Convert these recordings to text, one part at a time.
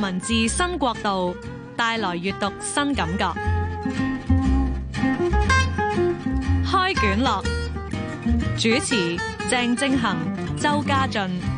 文字新國度帶來閱讀新感覺，開卷樂，主持鄭政恆、周家俊。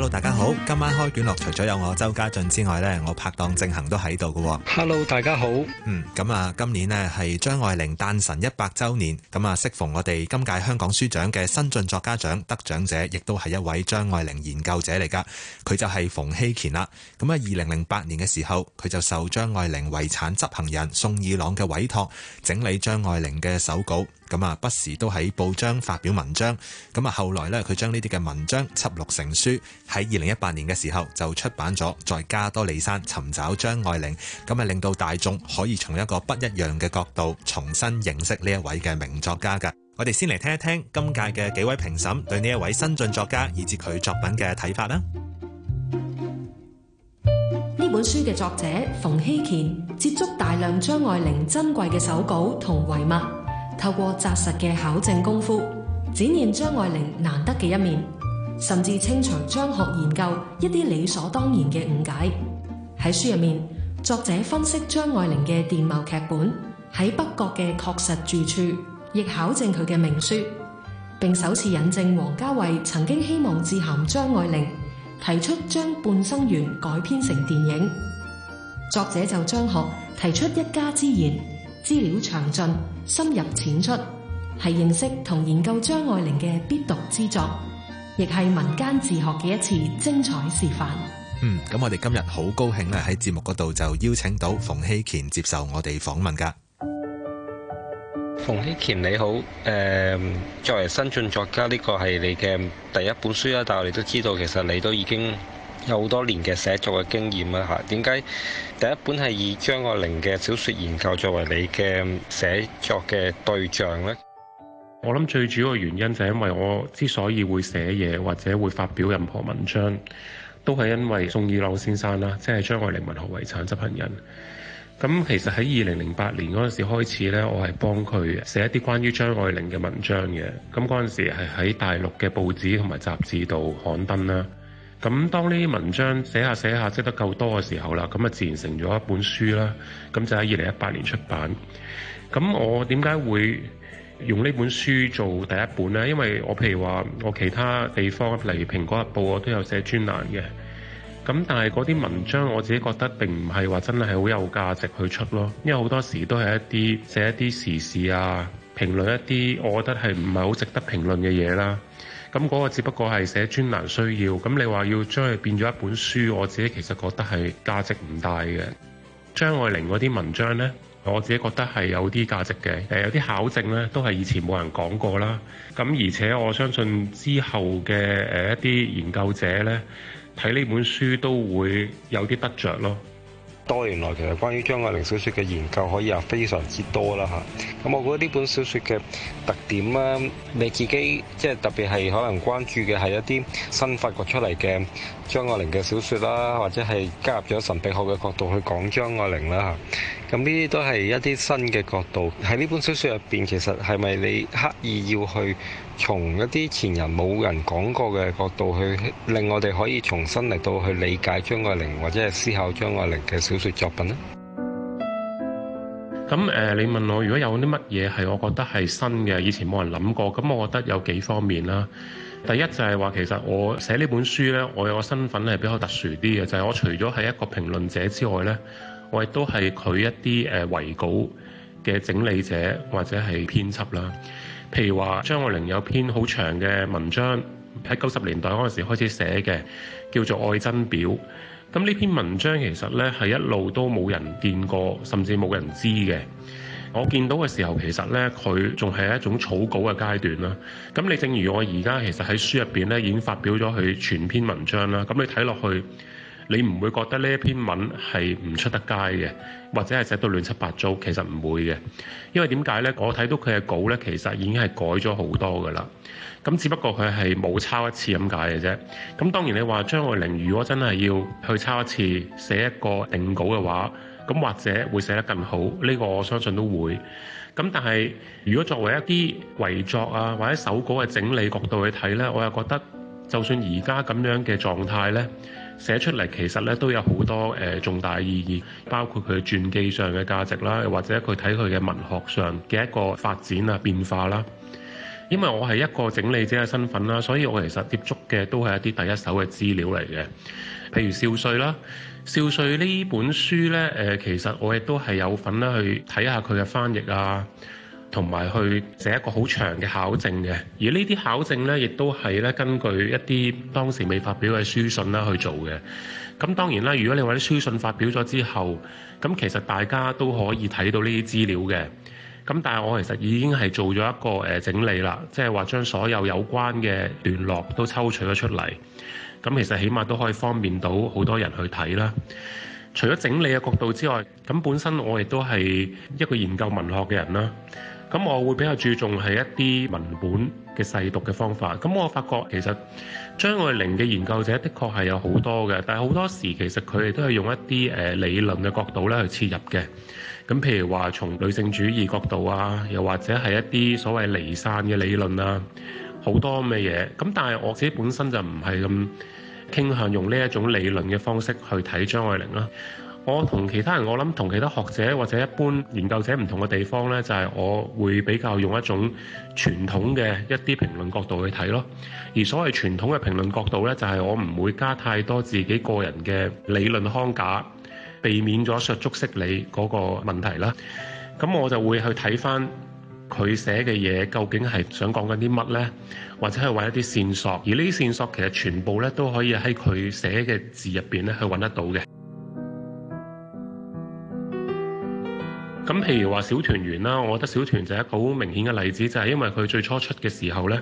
hello，大家好，今晚開卷樂除咗有我周家俊之外呢，我拍檔正恒都喺度喎。hello，大家好。嗯，咁啊，今年呢係張愛玲誕辰一百周年，咁啊，適逢我哋今屆香港書獎嘅新晉作家獎得獎者，亦都係一位張愛玲研究者嚟噶。佢就係馮睎乾啦。咁喺二零零八年嘅時候，佢就受張愛玲遺產執行人宋以朗嘅委託，整理張愛玲嘅手稿。咁啊，不時都喺報章發表文章。咁啊，後來呢，佢將呢啲嘅文章輯錄成書，喺二零一八年嘅時候就出版咗在加多利山尋找張愛玲，咁啊，令到大眾可以從一個不一樣嘅角度重新認識呢一位嘅名作家噶。我哋先嚟聽一聽今屆嘅幾位評審對呢一位新晉作家以至佢作品嘅睇法啦。呢本書嘅作者馮睎乾接觸大量張愛玲珍貴嘅手稿同遺物，透過紮實嘅考證功夫，展現張愛玲難得嘅一面，甚至清除張學研究一啲理所當然嘅誤解。喺書入面，作者分析張愛玲嘅電懋劇本，喺北角嘅確實住處，亦考證佢嘅名書，並首次引證王家衛曾經希望致函張愛玲，提出將《半生緣》改編成電影。作者就張學提出一家之言。資料詳盡、深入淺出，係認識同研究張愛玲嘅必讀之作，亦係民間自學嘅一次精彩示範。嗯，咁我哋今日好高興咧，喺節目嗰度就邀請到馮睎乾接受我哋訪問噶。馮睎乾你好，誒，作為新晉作家，呢個係你嘅第一本書啦，但係我哋都知道，其實你都已經。有好多年嘅寫作嘅經驗啦嚇，點解第一本係以張愛玲嘅小説研究作為你嘅寫作嘅對象呢？我諗最主要嘅原因就係因為我之所以會寫嘢或者會發表任何文章，都係因為宋以朗先生啦，即係張愛玲文學遺產執行人。咁其實喺二零零八年嗰陣時候開始呢，我係幫佢寫一啲關於張愛玲嘅文章嘅。咁嗰陣時係喺大陸嘅報紙同埋雜誌度刊登啦。咁當呢啲文章寫下寫下，積得夠多嘅時候啦，咁啊自然成咗一本書啦。咁就喺二零一八年出版。咁我點解會用呢本書做第一本呢？因為我譬如話，我其他地方，例如《蘋果日報》，我都有寫專欄嘅。咁但係嗰啲文章，我自己覺得並唔係話真係好有價值去出咯，因為好多時都係一啲寫一啲時事啊，評論一啲我覺得係唔係好值得評論嘅嘢啦。咁嗰個只不過係寫專欄需要，咁你話要將佢變咗一本書，我自己其實覺得係價值唔大嘅。張愛玲嗰啲文章呢，我自己覺得係有啲價值嘅，誒有啲考證呢，都係以前冇人講過啦。咁而且我相信之後嘅誒一啲研究者呢，睇呢本書都會有啲得著咯。多年來其實關於張愛玲小説嘅研究可以話非常之多啦嚇，咁我覺得呢本小説嘅特點啦，你自己即係特別係可能關注嘅係一啲新發掘出嚟嘅張愛玲嘅小説啦，或者係加入咗神秘學嘅角度去講張愛玲啦嚇。咁呢啲都係一啲新嘅角度喺呢本小說入邊，其實係咪你刻意要去從一啲前人冇人講過嘅角度去令我哋可以重新嚟到去理解張愛玲或者係思考張愛玲嘅小說作品呢？咁、呃、你問我如果有啲乜嘢係我覺得係新嘅，以前冇人諗過，咁我覺得有幾方面啦。第一就係話其實我寫呢本書呢，我有個身份係比較特殊啲嘅，就係、是、我除咗係一個評論者之外呢。我亦都係佢一啲誒遺稿嘅整理者或者係編輯啦。譬如話張愛玲有篇好長嘅文章喺九十年代嗰陣時開始寫嘅，叫做《愛憎表》。咁呢篇文章其實呢，係一路都冇人見過，甚至冇人知嘅。我見到嘅時候其實呢，佢仲係一種草稿嘅階段啦。咁你正如我而家其實喺書入邊呢，已經發表咗佢全篇文章啦。咁你睇落去。你唔會覺得呢一篇文係唔出得街嘅，或者係寫到亂七八糟，其實唔會嘅。因為點解呢？我睇到佢嘅稿呢，其實已經係改咗好多噶啦。咁只不過佢係冇抄一次咁解嘅啫。咁當然你話張愛玲如果真係要去抄一次寫一個定稿嘅話，咁或者會寫得更好。呢個我相信都會。咁但係如果作為一啲遺作啊或者手稿嘅整理角度去睇呢，我又覺得就算而家咁樣嘅狀態呢。寫出嚟其實咧都有好多誒重大意義，包括佢傳記上嘅價值啦，又或者佢睇佢嘅文學上嘅一個發展啊變化啦。因為我係一個整理者嘅身份啦，所以我其實接觸嘅都係一啲第一手嘅資料嚟嘅，譬如《少帥》啦，《少帥》呢本書呢，誒，其實我亦都係有份啦去睇下佢嘅翻譯啊。同埋去寫一個好長嘅考證嘅，而呢啲考證呢，亦都係呢根據一啲當時未發表嘅書信啦去做嘅。咁當然啦，如果你話啲書信發表咗之後，咁其實大家都可以睇到呢啲資料嘅。咁但係我其實已經係做咗一個、呃、整理啦，即係話將所有有關嘅聯絡都抽取咗出嚟。咁其實起碼都可以方便到好多人去睇啦。除咗整理嘅角度之外，咁本身我亦都係一個研究文學嘅人啦。咁我會比較注重係一啲文本嘅細讀嘅方法。咁我發覺其實張愛玲嘅研究者的確係有好多嘅，但係好多時其實佢哋都係用一啲誒理論嘅角度咧去切入嘅。咁譬如話從女性主義角度啊，又或者係一啲所謂離散嘅理論啊，好多咁嘅嘢。咁但係我自己本身就唔係咁傾向用呢一種理論嘅方式去睇張愛玲啦啊。我同其他人，我諗同其他學者或者一般研究者唔同嘅地方咧，就係我會比較用一種傳統嘅一啲評論角度去睇咯。而所謂傳統嘅評論角度咧，就係我唔會加太多自己個人嘅理論框架，避免咗削足適履嗰個問題啦。咁我就會去睇翻佢寫嘅嘢究竟係想講緊啲乜咧，或者係揾一啲線索。而呢啲線索其實全部咧都可以喺佢寫嘅字入邊咧去揾得到嘅。咁譬如話小團圓啦，我覺得小團就係一個好明顯嘅例子，就係、是、因為佢最初出嘅時候呢，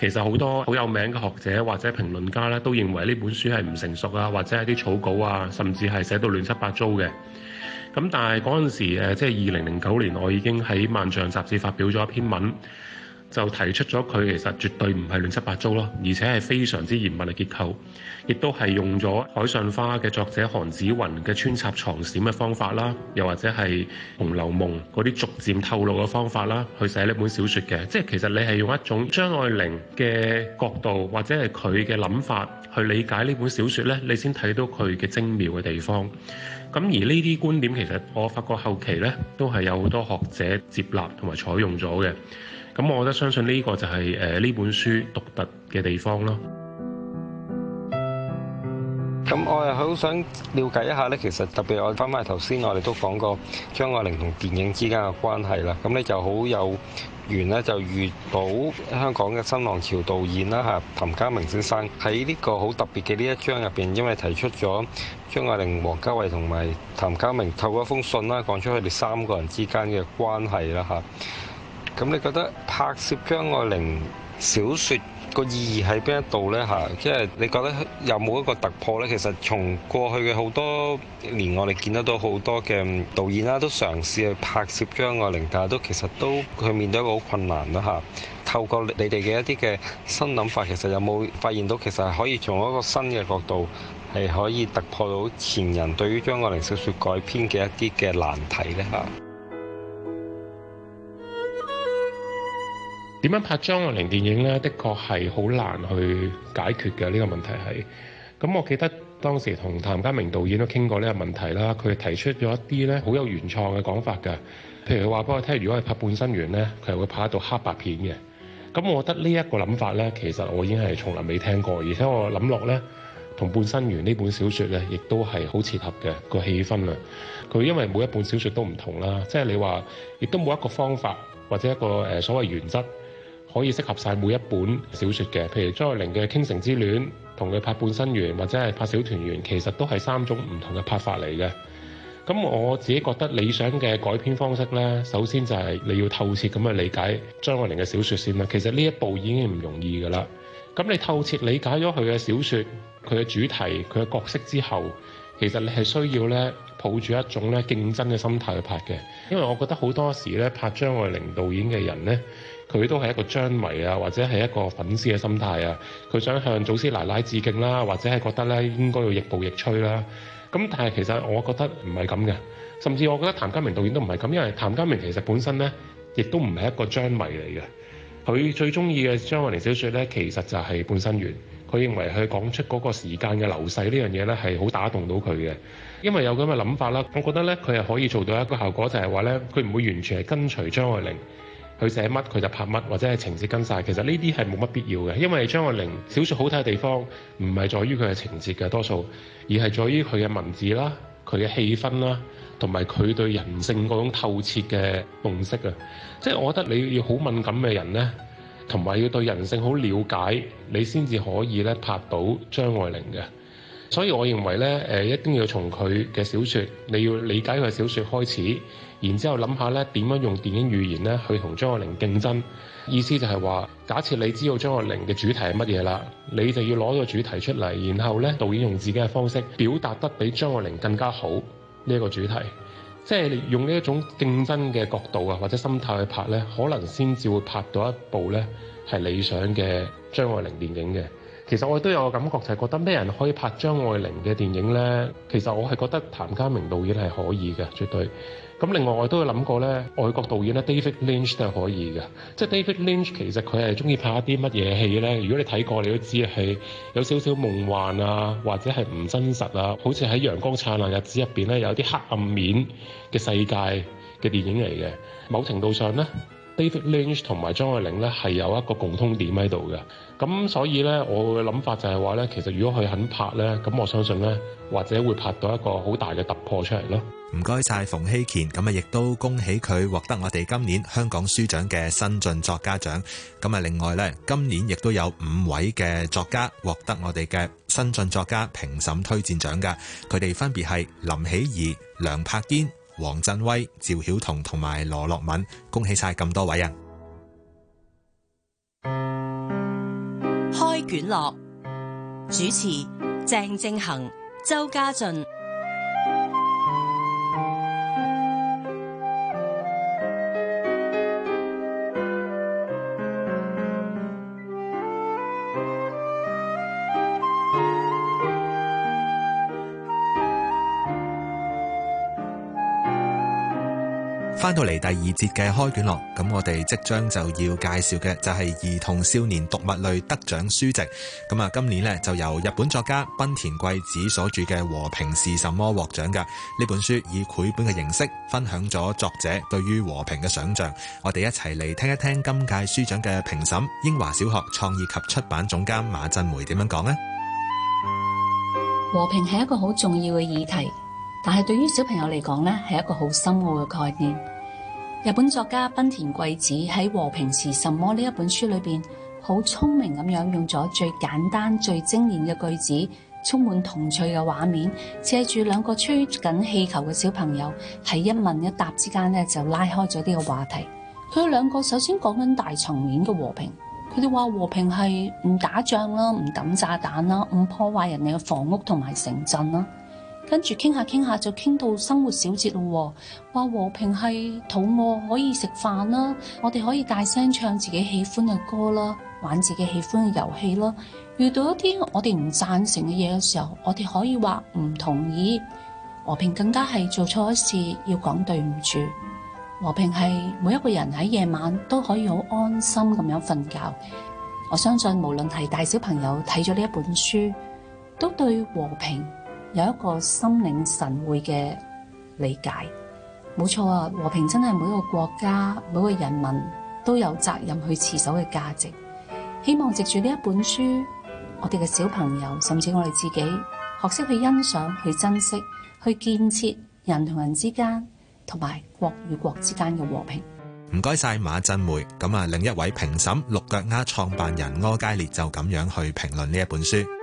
其實好多好有名嘅學者或者評論家咧，都認為呢本書係唔成熟啊，或者係啲草稿啊，甚至係寫到亂七八糟嘅。咁但係嗰陣時誒，即係二零零九年，我已經喺《萬象》雜誌發表咗一篇文。就提出咗，佢其實絕對唔係亂七八糟咯，而且係非常之嚴密嘅結構，亦都係用咗《海上花》嘅作者韓子雲嘅穿插藏閃嘅方法啦，又或者係《紅樓夢》嗰啲逐漸透露嘅方法啦，去寫呢本小說嘅。即係其實，你係用一種張愛玲嘅角度，或者係佢嘅諗法去理解呢本小說咧，你先睇到佢嘅精妙嘅地方。咁而呢啲觀點其實我發覺後期咧都係有好多學者接納同埋採用咗嘅。咁我覺得相信呢個就係誒呢本書獨特嘅地方咯。咁我又好想了解一下呢，其實特別才我翻翻頭先，我哋都講過張愛玲同電影之間嘅關係啦。咁呢就好有緣呢，就遇到香港嘅新浪潮導演啦吓，譚家明先生喺呢個好特別嘅呢一章入邊，因為提出咗張愛玲、王家衛同埋譚家明透過一封信啦，講出佢哋三個人之間嘅關係啦吓。咁你覺得拍攝張愛玲小説個意義喺邊一度呢？嚇，即係你覺得有冇一個突破呢？其實從過去嘅好多年，我哋見得到好多嘅導演啦，都嘗試去拍攝張愛玲，但係都其實都佢面對一個好困難啦。嚇，透過你哋嘅一啲嘅新諗法，其實有冇發現到其實可以從一個新嘅角度係可以突破到前人對於張愛玲小説改編嘅一啲嘅難題呢？嚇。點樣拍張愛玲電影呢？的確係好難去解決嘅呢個問題係。咁我記得當時同譚家明導演都傾過呢個問題啦。佢提出咗一啲呢好有原創嘅講法嘅，譬如話俾我聽，如果係拍半生緣呢，佢係會拍一套黑白片嘅。咁我覺得呢一個諗法呢，其實我已經係從來未聽過。而且我諗落呢，同半生緣呢本小説呢，亦都係好切合嘅個氣氛啊。佢因為每一本小説都唔同啦，即係你話，亦都冇一個方法或者一個誒、呃、所謂原則。可以適合晒每一本小説嘅，譬如張愛玲嘅《傾城之戀》，同佢拍《半生緣》，或者係拍《小團圓》，其實都係三種唔同嘅拍法嚟嘅。咁我自己覺得理想嘅改編方式呢，首先就係你要透徹咁去理解張愛玲嘅小説先啦。其實呢一步已經唔容易㗎喇。咁你透徹理解咗佢嘅小説、佢嘅主題、佢嘅角色之後，其實你係需要呢抱住一種咧競爭嘅心態去拍嘅，因為我覺得好多時呢，拍張愛玲導演嘅人呢，佢都係一個張迷啊，或者係一個粉絲嘅心態啊，佢想向祖師奶奶致敬啦，或者係覺得咧應該要亦步亦趨啦。咁但係其實我覺得唔係咁嘅，甚至我覺得譚家明導演都唔係咁，因為譚家明其實本身咧亦都唔係一個張迷嚟嘅，佢最中意嘅張愛玲小説咧，其實就係《半生緣》，佢認為佢講出嗰個時間嘅流逝呢樣嘢咧係好打動到佢嘅，因為有咁嘅諗法啦。我覺得咧佢係可以做到一個效果，就係話咧佢唔會完全係跟隨張愛玲。佢寫乜佢就拍乜，或者係情節跟晒。其實呢啲係冇乜必要嘅，因為張愛玲小説好睇嘅地方唔係在於佢嘅情節嘅多數，而係在於佢嘅文字啦、佢嘅氣氛啦，同埋佢對人性嗰種透徹嘅洞悉啊。即係我覺得你要好敏感嘅人呢，同埋要對人性好了解，你先至可以咧拍到張愛玲嘅。所以我認為咧，誒一定要從佢嘅小説，你要理解佢嘅小説開始，然之後諗下咧點樣用電影語言咧去同張愛玲競爭。意思就係話，假設你知道張愛玲嘅主題係乜嘢啦，你就要攞個主題出嚟，然後咧，導演用自己嘅方式表達得比張愛玲更加好呢個主題，即係用呢一種競爭嘅角度啊，或者心態去拍咧，可能先至會拍到一部咧係理想嘅張愛玲電影嘅。其實我都有個感覺，就係覺得咩人可以拍張愛玲嘅電影呢？其實我係覺得譚家明導演係可以嘅，絕對。咁另外我都有諗過呢，外國導演呢 David Lynch 都係可以嘅。即係 David Lynch 其實佢係中意拍一啲乜嘢戲呢？如果你睇過，你都知係有少少夢幻啊，或者係唔真實啊，好似喺陽光燦爛日子入邊呢，有啲黑暗面嘅世界嘅電影嚟嘅。某程度上呢。David Lynch 同埋張愛玲咧，係有一個共通點喺度嘅。咁所以咧，我嘅諗法就係話咧，其實如果佢肯拍咧，咁我相信咧，或者會拍到一個好大嘅突破出嚟咯。唔該晒，馮睎乾，咁啊亦都恭喜佢獲得我哋今年香港書獎嘅新晉作家獎。咁啊另外咧，今年亦都有五位嘅作家獲得我哋嘅新晉作家評審推薦獎嘅，佢哋分別係林喜兒、梁柏堅、黃振威、趙曉彤同埋羅樂敏，恭喜晒咁多位啊！開卷樂主持鄭正恒、周家俊。翻到嚟第二節嘅開卷樂，咁我哋即將就要介紹嘅就係兒童少年讀物類得獎書籍。咁啊，今年呢，就由日本作家濱田貴子所著嘅《和平是什麼》獲獎嘅呢本書，以繪本嘅形式分享咗作者對於和平嘅想象。我哋一齊嚟聽一聽今屆書獎嘅評審英華小學創意及出版總監馬振梅點樣講呢？和平係一個好重要嘅議題。但係對於小朋友嚟講咧，係一個好深奧嘅概念。日本作家濱田貴子喺《和平是甚麼》呢一本書裏邊，好聰明咁樣用咗最簡單、最精煉嘅句子，充滿童趣嘅畫面，借住兩個吹緊氣球嘅小朋友喺一問一答之間咧，就拉開咗呢個話題。佢哋兩個首先講緊大層面嘅和平，佢哋話和平係唔打仗啦，唔抌炸彈啦，唔破壞人哋嘅房屋同埋城鎮啦。跟住傾下傾下就傾到生活小節咯喎，話和平係肚餓可以食飯啦，我哋可以大聲唱自己喜歡嘅歌啦，玩自己喜歡嘅遊戲啦。遇到一啲我哋唔贊成嘅嘢嘅時候，我哋可以話唔同意。和平更加係做錯一事要講對唔住。和平係每一個人喺夜晚都可以好安心咁樣瞓覺。我相信無論係大小朋友睇咗呢一本書，都對和平有一個心領神會嘅理解，冇錯啊！和平真係每個國家、每個人民都有責任去持守嘅價值。希望藉住呢一本書，我哋嘅小朋友甚至我哋自己，學識去欣賞、去珍惜、去建設人同人之間，同埋國與國之間嘅和平。唔該晒馬振梅，咁啊，另一位評審六腳丫創辦人柯佳烈就咁樣去評論呢一本書。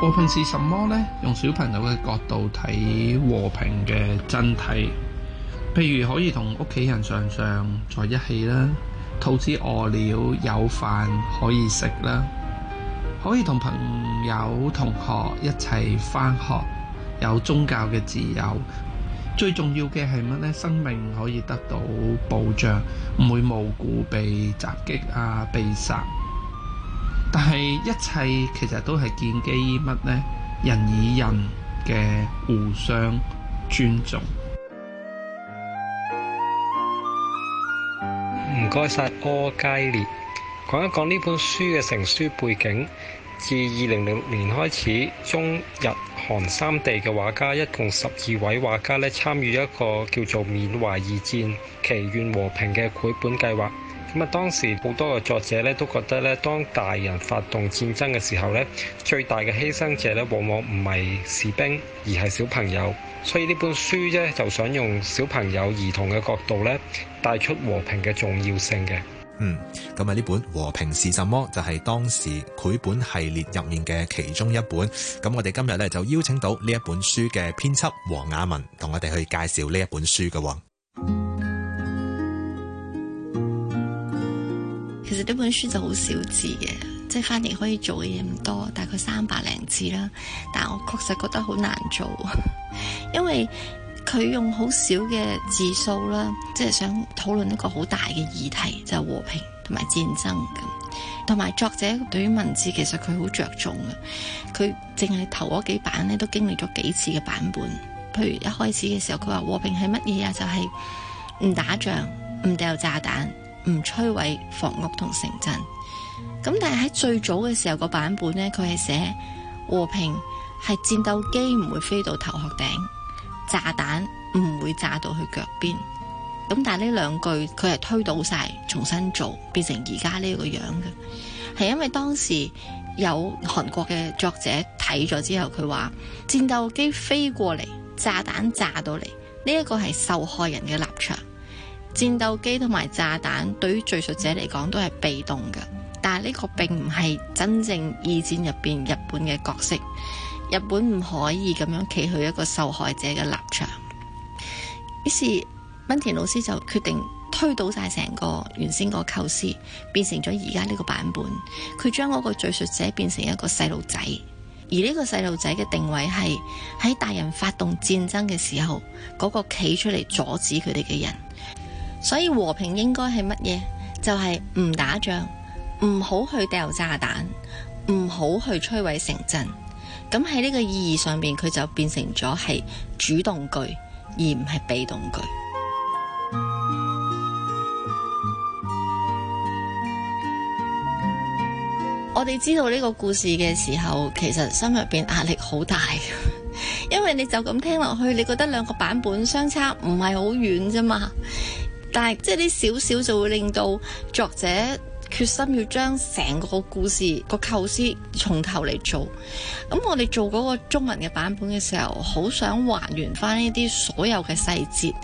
和平是什麼呢？用小朋友嘅角度睇和平嘅真諦。譬如可以同屋企人常常在一起啦，肚子餓了有飯可以食啦，可以同朋友同學一齊返學，有宗教嘅自由，最重要嘅係乜呢？生命可以得到保障，唔會無故被襲擊啊，被殺。但係一切其實都係建基於乜呢？人與人嘅互相尊重。唔該晒，柯佳烈，講一講呢本書嘅成書背景。自二零零六年開始，中日韓三地嘅畫家一共十二位畫家咧參與一個叫做「緬懷二戰，祈願和平」嘅繪本計劃。咁啊，當時好多嘅作者咧都覺得咧，當大人發動戰爭嘅時候咧，最大嘅犧牲者咧往往唔係士兵，而係小朋友。所以呢本書咧就想用小朋友兒童嘅角度咧，帶出和平嘅重要性嘅。嗯，咁啊，呢本《和平是什麼》就係、是、當時繪本系列入面嘅其中一本。咁我哋今日咧就邀請到呢一本書嘅編輯黃雅文，同我哋去介紹呢一本書嘅喎。其實呢本書就好少字嘅，即係翻譯可以做嘅嘢唔多，大概三百零字啦。但我確實覺得好難做，因為佢用好少嘅字數啦，即係想討論一個好大嘅議題，就係和平同埋戰爭。同埋作者對於文字其實佢好着重嘅，佢淨係頭嗰幾版咧都經歷咗幾次嘅版本。譬如一開始嘅時候，佢話和平係乜嘢啊？就係唔打仗、唔掉炸彈。唔摧毀房屋同城鎮，咁但係喺最早嘅時候個版本呢，佢係寫和平係戰鬥機唔會飛到頭殼頂，炸彈唔會炸到去腳邊。咁但係呢兩句佢係推倒晒，重新做，變成而家呢個樣嘅，係因為當時有韓國嘅作者睇咗之後，佢話戰鬥機飛過嚟，炸彈炸到嚟，呢一個係受害人嘅立場。戰鬥機同埋炸彈對於敘述者嚟講都係被動嘅，但係呢個並唔係真正二戰入邊日本嘅角色。日本唔可以咁樣企喺一個受害者嘅立場。於是，溫田老師就決定推倒晒成個原先個構思，變成咗而家呢個版本。佢將嗰個敘述者變成一個細路仔，而呢個細路仔嘅定位係喺大人發動戰爭嘅時候，嗰個企出嚟阻止佢哋嘅人。所以和平應該係乜嘢？就係唔打仗，唔好去掉炸彈，唔好去摧毀城鎮。咁喺呢個意義上邊，佢就變成咗係主動句，而唔係被動句。 我哋知道呢個故事嘅時候，其實心入邊壓力好大， 因為你就咁聽落去，你覺得兩個版本相差唔係好遠啫嘛。但係，即係呢少少就會令到作者決心要將成個故事個構思從頭嚟做。咁我哋做嗰個中文嘅版本嘅時候，好想還原翻呢啲所有嘅細節，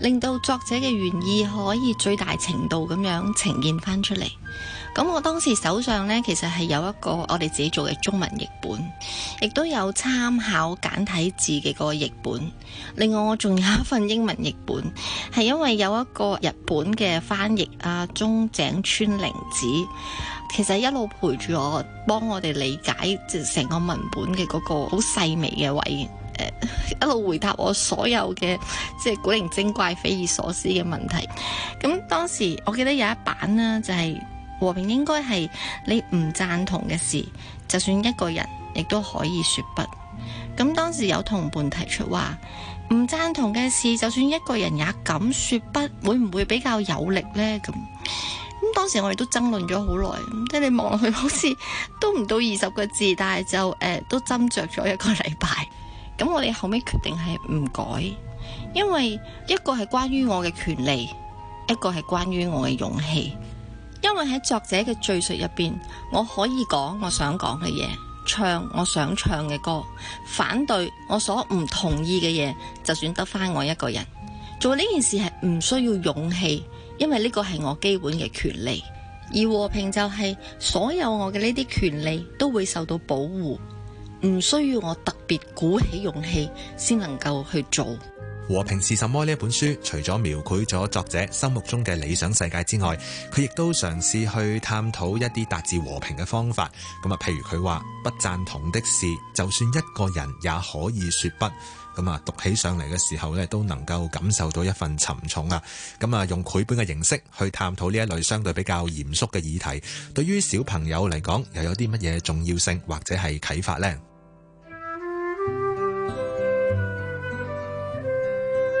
令到作者嘅原意可以最大程度咁樣呈現翻出嚟。咁我當時手上呢，其實係有一個我哋自己做嘅中文譯本，亦都有參考簡體字嘅個譯本。另外我仲有一份英文譯本，係因為有一個日本嘅翻譯啊，中井川玲子，其實一路陪住我，幫我哋理解即成個文本嘅嗰個好細微嘅位，啊，一路回答我所有嘅即係古靈精怪、匪夷所思嘅問題。咁當時我記得有一版呢，就係、是。和平應該係你唔贊同嘅事，就算一個人亦都可以說不。咁當時有同伴提出話，唔贊同嘅事，就算一個人也敢說不，會唔會比較有力呢？咁咁當時我哋都爭論咗好耐，即係你望落去好似都唔到二十個字，但係就誒、呃、都斟酌咗一個禮拜。咁我哋後尾決定係唔改，因為一個係關於我嘅權利，一個係關於我嘅勇氣。因為喺作者嘅敘述入邊，我可以講我想講嘅嘢，唱我想唱嘅歌，反對我所唔同意嘅嘢，就算得返我一個人。做呢件事係唔需要勇氣，因為呢個係我基本嘅權利。而和平就係、是、所有我嘅呢啲權利都會受到保護，唔需要我特別鼓起勇氣先能夠去做。和平是甚麼》呢本書除咗描繪咗作者心目中嘅理想世界之外，佢亦都嘗試去探討一啲達致和平嘅方法。咁啊，譬如佢話不贊同的事，就算一個人也可以說不。咁啊，讀起上嚟嘅時候咧，都能夠感受到一份沉重啊。咁啊，用繪本嘅形式去探討呢一類相對比較嚴肅嘅議題，對於小朋友嚟講又有啲乜嘢重要性或者係啟發咧？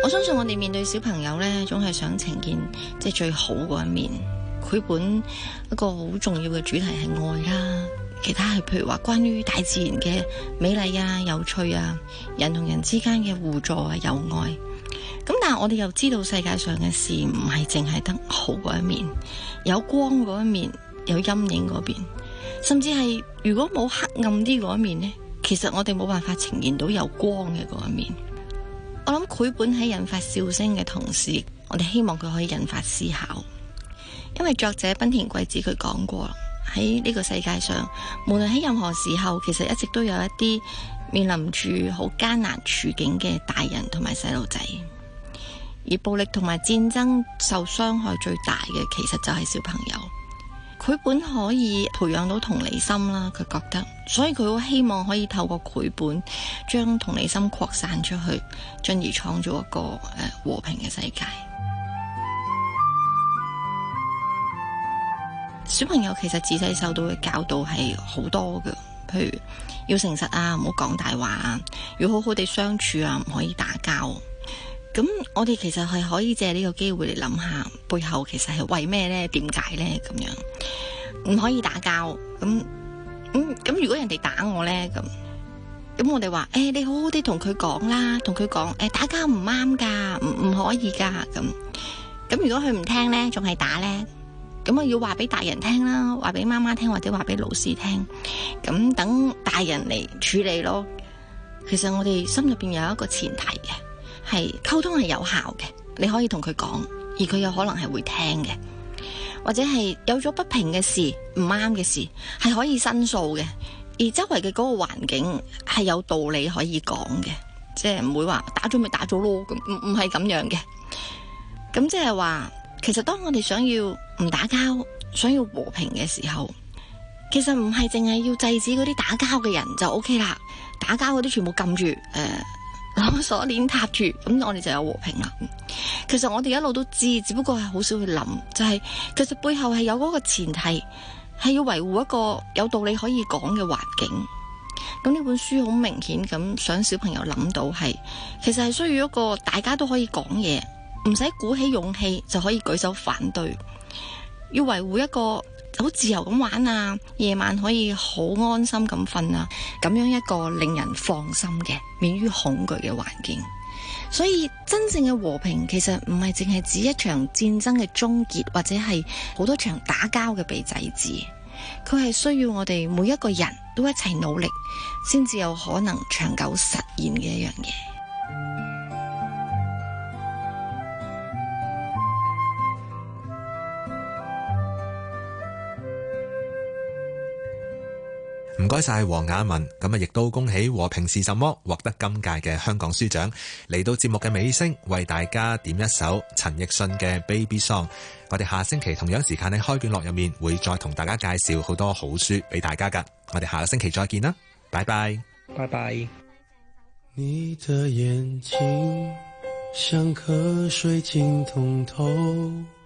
我相信我哋面對小朋友咧，總係想呈現即係最好嗰一面。繪本一個好重要嘅主題係愛啦、啊，其他係譬如話關於大自然嘅美麗啊、有趣啊、人同人之間嘅互助啊、友愛。咁但係我哋又知道世界上嘅事唔係淨係得好嗰一面，有光嗰一面，有陰影嗰邊，甚至係如果冇黑暗啲嗰一面咧，其實我哋冇辦法呈現到有光嘅嗰一面。我諗繪本喺引發笑聲嘅同時，我哋希望佢可以引發思考。因為作者濱田貴子佢講過，喺呢個世界上，無論喺任何時候，其實一直都有一啲面臨住好艱難處境嘅大人同埋細路仔，而暴力同埋戰爭受傷害最大嘅，其實就係小朋友。繪本可以培養到同理心啦，佢覺得，所以佢好希望可以透過繪本將同理心擴散出去，進而創造一個誒、呃、和平嘅世界。 小朋友其實自細受到嘅教導係好多嘅，譬如要誠實啊，唔好講大話啊，要好好地相處啊，唔可以打交。咁我哋其實係可以借呢個機會嚟諗下背後其實係為咩咧？點解咧？咁樣唔可以打交？咁咁咁如果人哋打我咧，咁咁我哋話，誒，你好好哋同佢講啦，同佢講誒，打交唔啱噶，唔唔可以噶。咁咁如果佢唔聽咧，仲係打咧？咁我要話俾大人聽啦，話俾媽媽聽或者話俾老師聽，咁等大人嚟處理咯。其實我哋心入邊有一個前提嘅。係溝通係有效嘅，你可以同佢講，而佢有可能係會聽嘅，或者係有咗不平嘅事，唔啱嘅事，係可以申訴嘅。而周圍嘅嗰個環境係有道理可以講嘅，即係唔會話打咗咪打咗咯，咁唔唔係咁樣嘅。咁即係話，其實當我哋想要唔打交、想要和平嘅時候，其實唔係淨係要制止嗰啲打交嘅人就 OK 啦，打交嗰啲全部撳住誒。呃鎖鏈搭住，咁我哋就有和平啦。其實我哋一路都知，只不過係好少去諗，就係、是，其實背後係有嗰個前提，係要維護一個有道理可以講嘅環境。咁呢本書好明顯咁想小朋友諗到係，其實係需要一個大家都可以講嘢，唔使鼓起勇氣就可以舉手反對，要維護一個。好自由咁玩啊，夜晚可以好安心咁瞓啊。咁樣一個令人放心嘅、免於恐懼嘅環境，所以真正嘅和平其實唔係淨係指一場戰爭嘅終結，或者係好多場打交嘅被制止。佢係需要我哋每一個人都一齊努力，先至有可能長久實現嘅一樣嘢。唔該晒黃雅文，咁啊亦都恭喜《和平是什麼》獲得今屆嘅香港書獎。嚟到節目嘅尾聲，為大家點一首陳奕迅嘅《Baby Song》。我哋下星期同樣時間喺開卷樂入面會再同大家介紹好多好書俾大家噶。我哋下個星期再見啦，拜拜，拜拜。